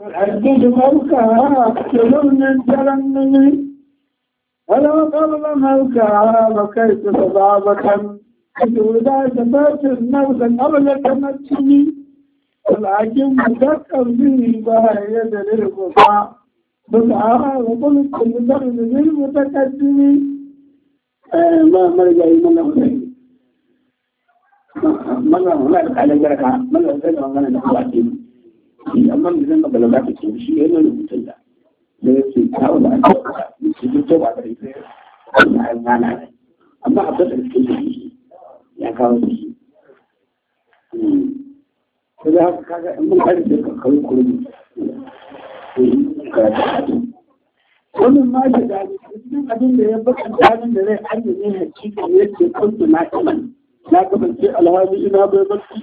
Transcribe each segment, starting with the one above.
العزيز ملكها كل من جلمني ولا قبل ملكها بكيت صبابة حيث إذا سمعت النفس قبل تمتني والعجم مذكر به بها يد للقطاع بدعها وقلت للمتكلمين للمتقدم ما مرجع من أولئك مرة هناك على البركة مرة هناك على البركة amma da zan magana za ka ce shi yana rubutun da da ya ce kawo da aka su ji to ba da ita wani har rana ne amma a fasa cikin da shi ya kawo da shi ta hmm. da haka kaga in mun kare da kakkaru kurmi wani ma da cikin abin da ya baka dalin da zai ajiye ne hakika yadda kuntu na iman na kasance alhali ina bai barci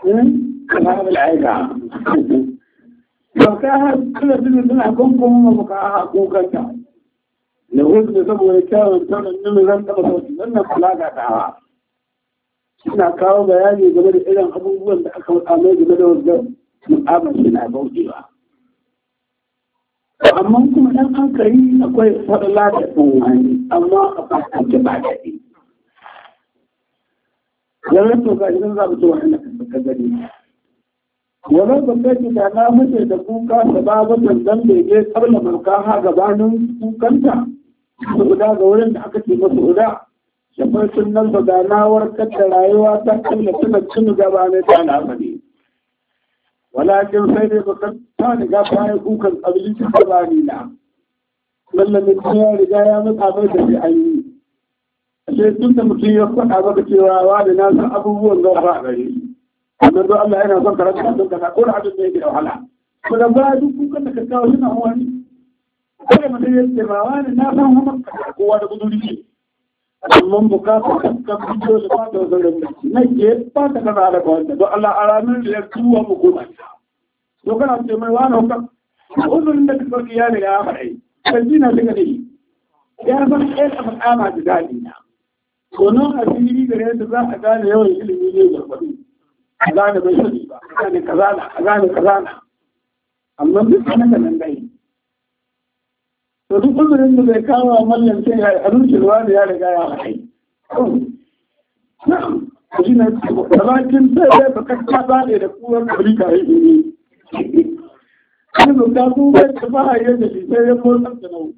Hmm? kamar al'aika ba ka haka suna suna kuma ba ka ku ka haka kokanta da wasu saboda kyawun taunin nuna zan taba sauki wannan kulaga ta hawa Ina kawo bayani game da irin abubuwan da aka amai game da wasu mu'amar shi na bautewa amma kuma dan an kari akwai fadala da tsanwani amma a fasance ba ta daɗi. Yaran to ga idan za mu ci wa'annan ka gani wala ba ta ki da na mace da kuka ta ba ba dan da ke karla marka ha gabanin kukanta guda ga wurin da aka ce masa guda shafar sunan ba da na warkar da rayuwa ta kalla tana cin gaba ne ta al'amari walakin sai dai ba ta riga bayan kukan kabilin ta gabani na lallamin ya riga ya matsa mai da shi an yi sai tun da mutum ya faɗa baka cewa wa da na san abubuwan zan a gare shi amma don Allah yana son karatu kan kaza ko da hadin da yake da wahala ko da ba duk kukan da ka kawo suna wani kada mutum ya ce ba ne, na san kuma kowa da guduri ne amma bukatar ka kan bidiyo da ba ta wasan da na ke ba ta kaza da kawai don Allah a ranar da ya tuwa mu goma to kana ce mai wani hukar uzurin da ka ya riga ya faɗa kan jina daga ne ya san ɗaya da fasama da daɗi na. Tonon a fili gare da za a gane yawan ilimi ne da kwaɗi. kaza ne bai sani ba kaza ne kaza na kaza ne kaza na amma duk nan da nan dai to duk uzurin da zai kama mallan sai ya abinci ruwa da ya riga ya haɗai na'am shi ne bakin sai ya baka kaza ne da kuwar amurka ka yi ne kan zo ta su bai ta ba ya da shi sai ya motsa da nau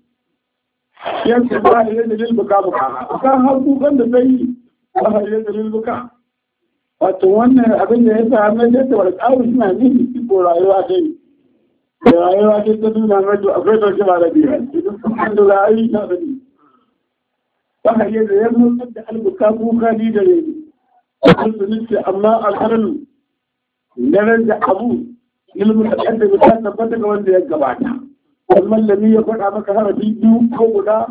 yanzu ba a da lil buka buka kan har kukan da zai yi ba a da lil buka wato wannan abin da ya sami da ta warƙaru suna nini iko rayuwa dai da rayuwa dai ta nuna rajo a bai ba da biya idan kuma da ra'ayi na da ba ka yi da ya zo da albuka kuka ni da ne a kusa nufi amma a karin daren da abu ilmin da ɗan da ya ta tabbata wanda ya gabata kalmar da ya faɗa maka harafi biyu ko guda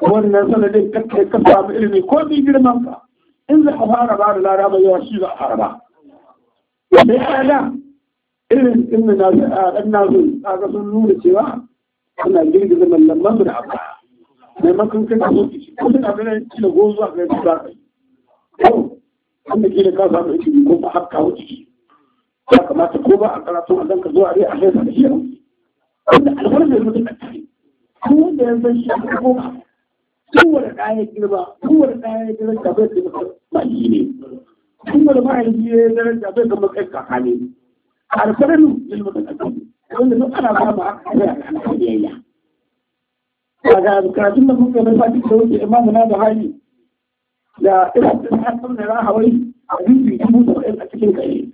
wannan sanadin kakkai ka samu ilimi ko bi girman ka in za a fara ba da lada yawa shi za a fara ba yi da, irin inda na dan nazo kaga sun nuna cewa ana girgiza mallaman da haka. mai makon kan so ki ko da abin ki da gozo a kai ba an da ke da kasa samu ki ko ba haka wuce ya kamata ko ba a karatu a danka zuwa rai a kai da shi wanda ya mutum da kai ko wanda ya san shi ko ba kowane ɗaya girma kowane ɗaya daraja bai da matsayi ne kowane mahaifi ya da bai da matsayi kaka ne alfarin ilmi da ƙasa wanda duk ana ba ma aka kai a alfariyayya a ga karatun da kuka na fati da wuce imamu na da hali da ina tun hasar da rahawai a bibi kuma da ɗaya a cikin kare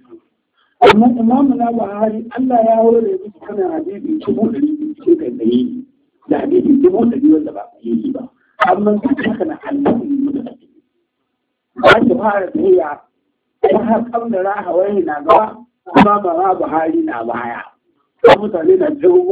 amma imamu da hali allah ya wuri da kana hadisi kuma da cikin kai da hadisi kuma da wanda ba a yi ba amma duk haka na annabi muhammad ba ki fara tafiya ta har kamar rahawai na gaba kuma ba Buhari na baya mutane na jirgin